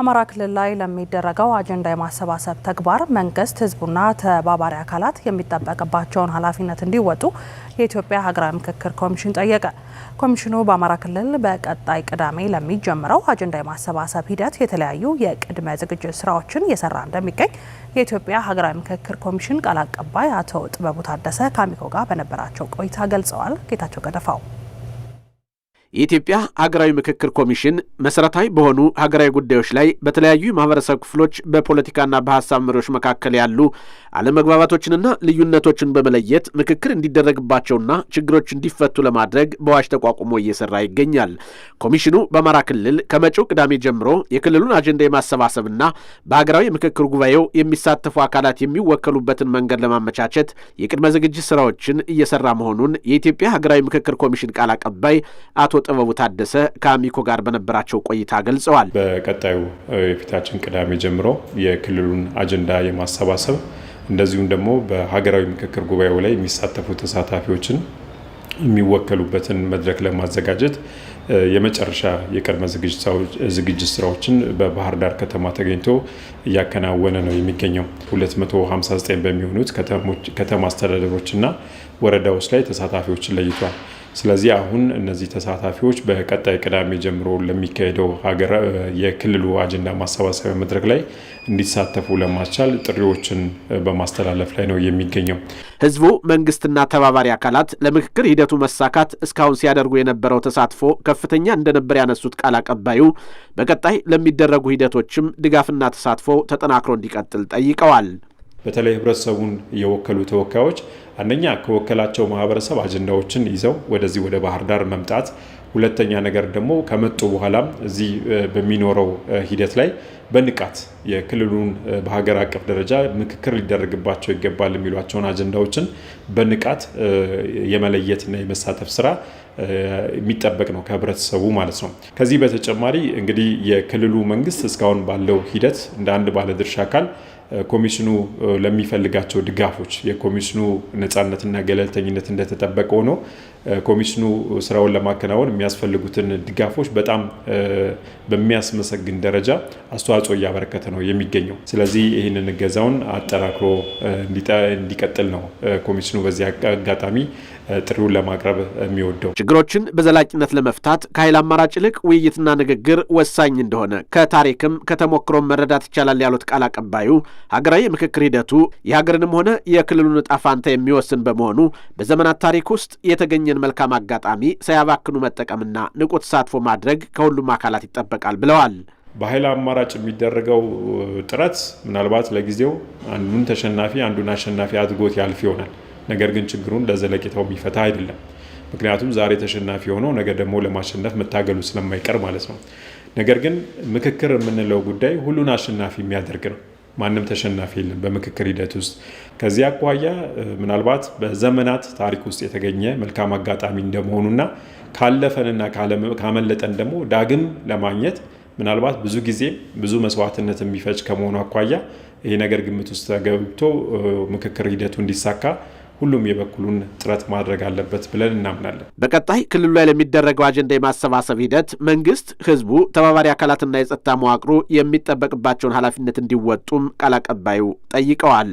አማራ ክልል ላይ ለሚደረገው አጀንዳ የማሰባሰብ ተግባር መንግስት፣ ህዝቡና ተባባሪ አካላት የሚጠበቅባቸውን ኃላፊነት እንዲወጡ የኢትዮጵያ ሀገራዊ ምክክር ኮሚሽን ጠየቀ። ኮሚሽኑ በአማራ ክልል በቀጣይ ቅዳሜ ለሚጀምረው አጀንዳ የማሰባሰብ ሂደት የተለያዩ የቅድመ ዝግጅት ስራዎችን እየሰራ እንደሚገኝ የኢትዮጵያ ሀገራዊ ምክክር ኮሚሽን ቃል አቀባይ አቶ ጥበቡ ታደሰ ከአሚኮ ጋር በነበራቸው ቆይታ ገልጸዋል። ጌታቸው ገደፋው የኢትዮጵያ ሀገራዊ ምክክር ኮሚሽን መሰረታዊ በሆኑ ሀገራዊ ጉዳዮች ላይ በተለያዩ የማህበረሰብ ክፍሎች በፖለቲካና በሀሳብ መሪዎች መካከል ያሉ አለመግባባቶችንና ልዩነቶችን በመለየት ምክክር እንዲደረግባቸውና ችግሮች እንዲፈቱ ለማድረግ በዋሽ ተቋቁሞ እየሰራ ይገኛል። ኮሚሽኑ በአማራ ክልል ከመጪው ቅዳሜ ጀምሮ የክልሉን አጀንዳ የማሰባሰብና በሀገራዊ ምክክር ጉባኤው የሚሳተፉ አካላት የሚወከሉበትን መንገድ ለማመቻቸት የቅድመ ዝግጅት ስራዎችን እየሰራ መሆኑን የኢትዮጵያ ሀገራዊ ምክክር ኮሚሽን ቃል አቀባይ አቶ ጥበቡ ታደሰ ከአሚኮ ጋር በነበራቸው ቆይታ ገልጸዋል። በቀጣዩ የፊታችን ቅዳሜ ጀምሮ የክልሉን አጀንዳ የማሰባሰብ እንደዚሁም ደግሞ በሀገራዊ ምክክር ጉባኤው ላይ የሚሳተፉ ተሳታፊዎችን የሚወከሉበትን መድረክ ለማዘጋጀት የመጨረሻ የቅድመ ዝግጅት ስራዎችን በባህር ዳር ከተማ ተገኝቶ እያከናወነ ነው የሚገኘው። 259 በሚሆኑት ከተማ አስተዳደሮችና ወረዳዎች ላይ ተሳታፊዎችን ለይቷል። ስለዚህ አሁን እነዚህ ተሳታፊዎች በቀጣይ ቅዳሜ ጀምሮ ለሚካሄደው ሀገር የክልሉ አጀንዳ ማሰባሰቢያ መድረክ ላይ እንዲሳተፉ ለማስቻል ጥሪዎችን በማስተላለፍ ላይ ነው የሚገኘው። ህዝቡ፣ መንግስትና ተባባሪ አካላት ለምክክር ሂደቱ መሳካት እስካሁን ሲያደርጉ የነበረው ተሳትፎ ከፍተኛ እንደነበር ያነሱት ቃል አቀባዩ በቀጣይ ለሚደረጉ ሂደቶችም ድጋፍና ተሳትፎ ተጠናክሮ እንዲቀጥል ጠይቀዋል። በተለይ ህብረተሰቡን የወከሉ ተወካዮች አንደኛ ከወከላቸው ማህበረሰብ አጀንዳዎችን ይዘው ወደዚህ ወደ ባህር ዳር መምጣት፣ ሁለተኛ ነገር ደግሞ ከመጡ በኋላም እዚህ በሚኖረው ሂደት ላይ በንቃት የክልሉን በሀገር አቀፍ ደረጃ ምክክር ሊደረግባቸው ይገባል የሚሏቸውን አጀንዳዎችን በንቃት የመለየትና የመሳተፍ ስራ የሚጠበቅ ነው ከህብረተሰቡ ማለት ነው። ከዚህ በተጨማሪ እንግዲህ የክልሉ መንግስት እስካሁን ባለው ሂደት እንደ አንድ ባለድርሻ አካል ኮሚሽኑ ለሚፈልጋቸው ድጋፎች የኮሚሽኑ ነፃነትና ገለልተኝነት እንደተጠበቀ ሆኖ ኮሚሽኑ ስራውን ለማከናወን የሚያስፈልጉትን ድጋፎች በጣም በሚያስመሰግን ደረጃ አስተዋጽኦ እያበረከተ ነው የሚገኘው። ስለዚህ ይህንን እገዛውን አጠናክሮ እንዲቀጥል ነው ኮሚሽኑ በዚህ አጋጣሚ ጥሪውን ለማቅረብ የሚወደው። ችግሮችን በዘላቂነት ለመፍታት ከኃይል አማራጭ ይልቅ ውይይትና ንግግር ወሳኝ እንደሆነ ከታሪክም ከተሞክሮም መረዳት ይቻላል ያሉት ቃል አቀባዩ ሀገራዊ የምክክር ሂደቱ የሀገርንም ሆነ የክልሉን ዕጣ ፋንታ የሚወስን በመሆኑ በዘመናት ታሪክ ውስጥ የተገኘን መልካም አጋጣሚ ሳያባክኑ መጠቀምና ንቁ ተሳትፎ ማድረግ ከሁሉም አካላት ይጠበቃል ብለዋል። በኃይል አማራጭ የሚደረገው ጥረት ምናልባት ለጊዜው አንዱን ተሸናፊ አንዱን አሸናፊ አድርጎት ያልፍ ይሆናል። ነገር ግን ችግሩን ለዘለቄታው የሚፈታ አይደለም። ምክንያቱም ዛሬ ተሸናፊ ሆነው ነገ ደግሞ ለማሸነፍ መታገሉ ስለማይቀር ማለት ነው። ነገር ግን ምክክር የምንለው ጉዳይ ሁሉን አሸናፊ የሚያደርግ ነው። ማንም ተሸናፊ የለም በምክክር ሂደት ውስጥ። ከዚህ አኳያ ምናልባት በዘመናት ታሪክ ውስጥ የተገኘ መልካም አጋጣሚ እንደመሆኑና ካለፈንና ካመለጠን ደግሞ ዳግም ለማግኘት ምናልባት ብዙ ጊዜ ብዙ መስዋዕትነት የሚፈጅ ከመሆኑ አኳያ ይሄ ነገር ግምት ውስጥ ተገብቶ ምክክር ሂደቱ እንዲሳካ ሁሉም የበኩሉን ጥረት ማድረግ አለበት ብለን እናምናለን። በቀጣይ ክልሉ ላይ ለሚደረገው አጀንዳ የማሰባሰብ ሂደት መንግስት፣ ህዝቡ፣ ተባባሪ አካላትና የጸጥታ መዋቅሩ የሚጠበቅባቸውን ኃላፊነት እንዲወጡም ቃል አቀባዩ ጠይቀዋል።